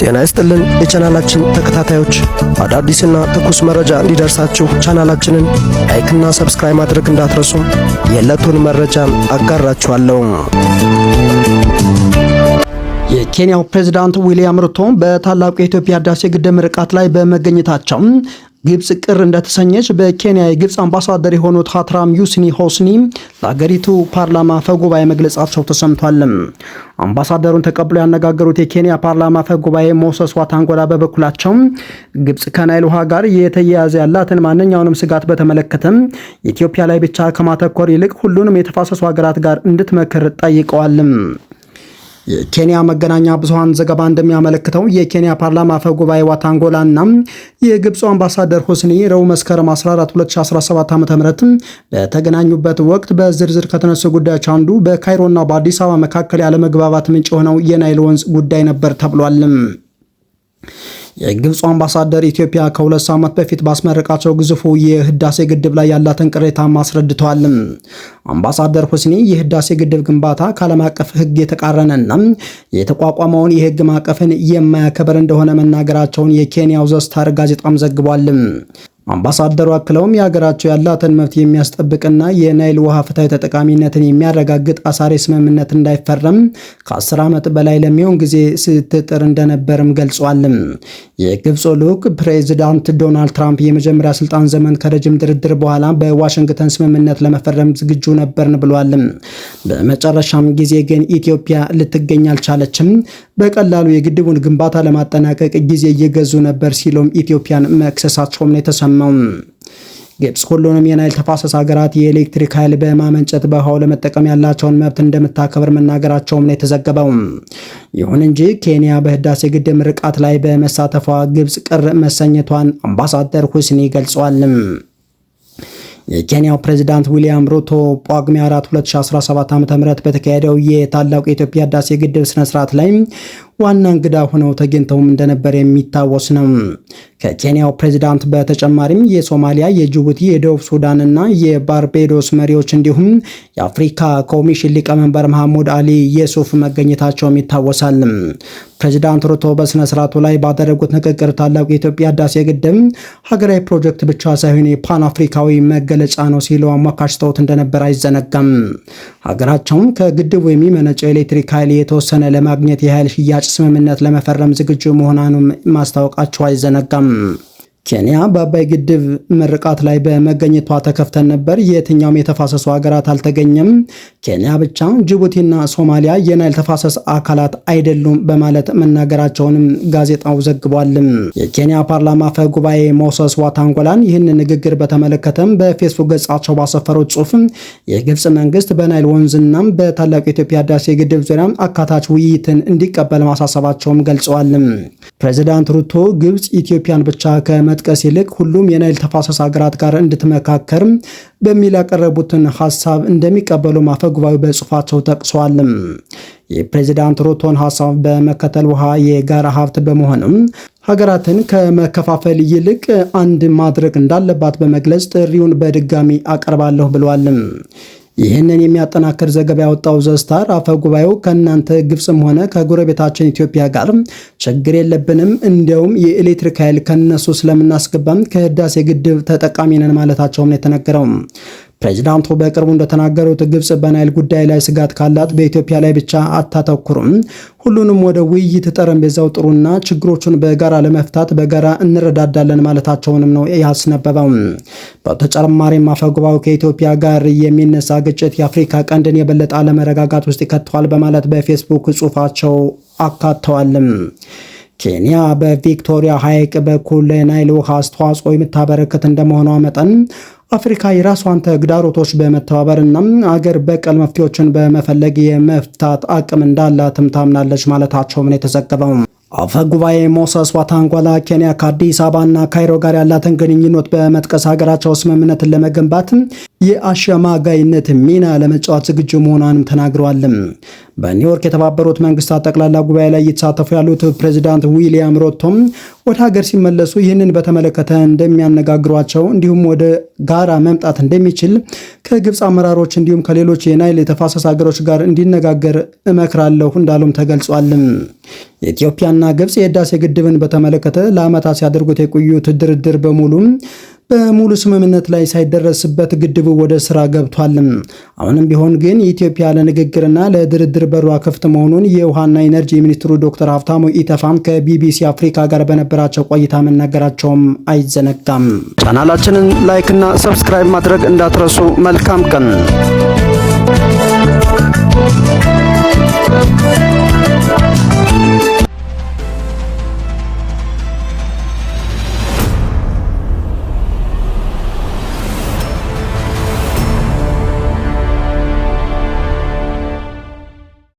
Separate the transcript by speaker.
Speaker 1: ጤና ይስጥልን የቻናላችን ተከታታዮች፣ አዳዲስና ትኩስ መረጃ እንዲደርሳችሁ ቻናላችንን ላይክና ሰብስክራይብ ማድረግ እንዳትረሱ የዕለቱን መረጃም አጋራችኋለሁ። የኬንያው ፕሬዝዳንት ዊልያም ሩቶ በታላቁ የኢትዮጵያ ህዳሴ ግድብ ምርቃት ላይ በመገኘታቸው ግብጽ ቅር እንደተሰኘች በኬንያ የግብጽ አምባሳደር የሆኑት ሀትራም ዩስኒ ሆስኒ ለአገሪቱ ፓርላማ ፈጉባኤ መግለጻቸው ተሰምቷል። አምባሳደሩን ተቀብሎ ያነጋገሩት የኬንያ ፓርላማ ፈጉባኤ ሞሰስ ዋታንጎላ በበኩላቸው ግብጽ ከናይል ውሃ ጋር የተያያዘ ያላትን ማንኛውንም ስጋት በተመለከተ ኢትዮጵያ ላይ ብቻ ከማተኮር ይልቅ ሁሉንም የተፋሰሱ ሀገራት ጋር እንድትመክር ጠይቀዋል። የኬንያ መገናኛ ብዙሃን ዘገባ እንደሚያመለክተው የኬንያ ፓርላማ አፈ ጉባኤ ዋታንጎላ እና የግብፁ አምባሳደር ሁስኒ ረቡዕ መስከረም 14 2017 ዓ ም በተገናኙበት ወቅት በዝርዝር ከተነሱ ጉዳዮች አንዱ በካይሮና በአዲስ አበባ መካከል ያለመግባባት ምንጭ የሆነው የናይል ወንዝ ጉዳይ ነበር ተብሏልም። የግብፁ አምባሳደር ኢትዮጵያ ከሁለት ሳምንት በፊት ባስመረቃቸው ግዙፉ የህዳሴ ግድብ ላይ ያላትን ቅሬታ አስረድተዋል። አምባሳደር ሁስኒ የህዳሴ ግድብ ግንባታ ከዓለም አቀፍ ህግ የተቃረነና የተቋቋመውን የህግ ማዕቀፍን የማያከበር እንደሆነ መናገራቸውን የኬንያው ዘስታር ጋዜጣም ዘግቧል። አምባሳደሩ አክለውም የሀገራቸው ያላትን መብት የሚያስጠብቅና የናይል ውሃ ፍትሐዊ ተጠቃሚነትን የሚያረጋግጥ አሳሪ ስምምነት እንዳይፈረም ከ10 ዓመት በላይ ለሚሆን ጊዜ ስትጥር እንደነበርም ገልጿል። የግብፅ ልዑክ ፕሬዚዳንት ዶናልድ ትራምፕ የመጀመሪያ ስልጣን ዘመን ከረጅም ድርድር በኋላ በዋሽንግተን ስምምነት ለመፈረም ዝግጁ ነበርን ብሏል። በመጨረሻም ጊዜ ግን ኢትዮጵያ ልትገኝ አልቻለችም። በቀላሉ የግድቡን ግንባታ ለማጠናቀቅ ጊዜ እየገዙ ነበር ሲሉም ኢትዮጵያን መክሰሳቸውም ነው የተሰማው። ግብፅ ሁሉንም የናይል ተፋሰስ ሀገራት የኤሌክትሪክ ኃይል በማመንጨት በውሃው ለመጠቀም ያላቸውን መብት እንደምታከብር መናገራቸውም ነው የተዘገበው። ይሁን እንጂ ኬንያ በህዳሴ ግድብ ርቃት ላይ በመሳተፏ ግብፅ ቅር መሰኘቷን አምባሳደር ሁስኒ ገልጿል። የኬንያው ፕሬዝዳንት ዊሊያም ሩቶ ጳጉሜ 4 2017 ም በተካሄደው የታላቁ የኢትዮጵያ ህዳሴ ግድብ ስነስርዓት ላይ ዋና እንግዳ ሆነው ተገኝተውም እንደነበር የሚታወስ ነው። ከኬንያው ፕሬዚዳንት በተጨማሪም የሶማሊያ፣ የጅቡቲ፣ የደቡብ ሱዳን እና የባርቤዶስ መሪዎች እንዲሁም የአፍሪካ ኮሚሽን ሊቀመንበር መሐሙድ አሊ የሱፍ መገኘታቸውም ይታወሳል። ፕሬዚዳንት ሩቶ በሥነ ሥርዓቱ ላይ ባደረጉት ንግግር ታላቁ የኢትዮጵያ ህዳሴ ግድብ ሀገራዊ ፕሮጀክት ብቻ ሳይሆን የፓን አፍሪካዊ መገለጫ ነው ሲሉ አሞካሽተውት እንደነበር አይዘነጋም። ሀገራቸውም ከግድቡ የሚመነጨው ኤሌክትሪክ ኃይል የተወሰነ ለማግኘት የኃይል ሽያጭ ስምምነት ለመፈረም ዝግጁ መሆኗንም ማስታወቃቸው አይዘነጋም። ኬንያ በአባይ ግድብ ምርቃት ላይ በመገኘቷ ተከፍተን ነበር። የትኛውም የተፋሰሱ ሀገራት አልተገኘም። ኬንያ ብቻ ጅቡቲና ሶማሊያ የናይል ተፋሰስ አካላት አይደሉም በማለት መናገራቸውንም ጋዜጣው ዘግቧል። የኬንያ ፓርላማ አፈ ጉባኤ ሞሰስ ዋታንጎላን ይህን ንግግር በተመለከተም በፌስቡክ ገጻቸው ባሰፈሩት ጽሁፍ የግብፅ መንግስት በናይል ወንዝና በታላቁ የኢትዮጵያ ህዳሴ ግድብ ዙሪያ አካታች ውይይትን እንዲቀበል ማሳሰባቸውም ገልጸዋል። ፕሬዚዳንት ሩቶ ግብፅ ኢትዮጵያን ብቻ ከመ ከመጥቀስ ይልቅ ሁሉም የናይል ተፋሰስ ሀገራት ጋር እንድትመካከርም በሚል ያቀረቡትን ሀሳብ እንደሚቀበሉ አፈ ጉባኤው በጽሑፋቸው ጠቅሰዋል። የፕሬዚዳንት ሩቶን ሀሳብ በመከተል ውሃ የጋራ ሀብት በመሆንም ሀገራትን ከመከፋፈል ይልቅ አንድ ማድረግ እንዳለባት በመግለጽ ጥሪውን በድጋሚ አቀርባለሁ ብለዋልም። ይህንን የሚያጠናክር ዘገባ ያወጣው ዘስታር አፈ ጉባኤው ከእናንተ ግብፅም ሆነ ከጎረቤታችን ኢትዮጵያ ጋር ችግር የለብንም፣ እንዲያውም የኤሌክትሪክ ኃይል ከነሱ ስለምናስገባም ከህዳሴ ግድብ ተጠቃሚ ነን ማለታቸውም ነው የተነገረው። ፕሬዚዳንቱ በቅርቡ እንደተናገሩት ግብፅ በናይል ጉዳይ ላይ ስጋት ካላት በኢትዮጵያ ላይ ብቻ አታተኩርም፣ ሁሉንም ወደ ውይይት ጠረጴዛው ጥሩና ችግሮቹን በጋራ ለመፍታት በጋራ እንረዳዳለን ማለታቸውንም ነው ያስነበበው። በተጨማሪም አፈጉባኤው ከኢትዮጵያ ጋር የሚነሳ ግጭት የአፍሪካ ቀንድን የበለጠ አለመረጋጋት ውስጥ ይከተዋል በማለት በፌስቡክ ጽሑፋቸው አካተዋልም። ኬንያ በቪክቶሪያ ሐይቅ በኩል ለናይል ውሃ አስተዋጽኦ የምታበረክት እንደመሆኗ መጠን አፍሪካ የራሷን ተግዳሮቶች በመተባበር እና አገር በቀል መፍትሄዎችን በመፈለግ የመፍታት አቅም እንዳላትም ታምናለች ማለታቸውም ነው የተዘገበው። አፈ ጉባኤ ሞሰስ ዋታንጓላ ኬንያ ከአዲስ አበባና ካይሮ ጋር ያላትን ግንኙነት በመጥቀስ ሀገራቸው ስምምነትን ለመገንባት የአሸማጋይነት ሚና ለመጫወት ዝግጁ መሆኗንም ተናግረዋል። በኒውዮርክ የተባበሩት መንግስታት ጠቅላላ ጉባኤ ላይ እየተሳተፉ ያሉት ፕሬዚዳንት ዊሊያም ሮቶም ወደ ሀገር ሲመለሱ ይህንን በተመለከተ እንደሚያነጋግሯቸው እንዲሁም ወደ ጋራ መምጣት እንደሚችል ከግብፅ አመራሮች እንዲሁም ከሌሎች የናይል የተፋሰስ ሀገሮች ጋር እንዲነጋገር እመክራለሁ እንዳሉም ተገልጿል። የኢትዮጵያና ግብፅ የህዳሴ ግድብን በተመለከተ ለዓመታት ሲያደርጉት የቆዩት ድርድር በሙሉ በሙሉ ስምምነት ላይ ሳይደረስበት ግድቡ ወደ ስራ ገብቷል። አሁንም ቢሆን ግን ኢትዮጵያ ለንግግርና ለድርድር በሯ ክፍት መሆኑን የውሃና ኢነርጂ ሚኒስትሩ ዶክተር ሀብታሙ ኢተፋም ከቢቢሲ አፍሪካ ጋር በነበራቸው ቆይታ መናገራቸውም አይዘነጋም።
Speaker 2: ቻናላችንን ላይክና ሰብስክራይብ ማድረግ እንዳትረሱ። መልካም ቀን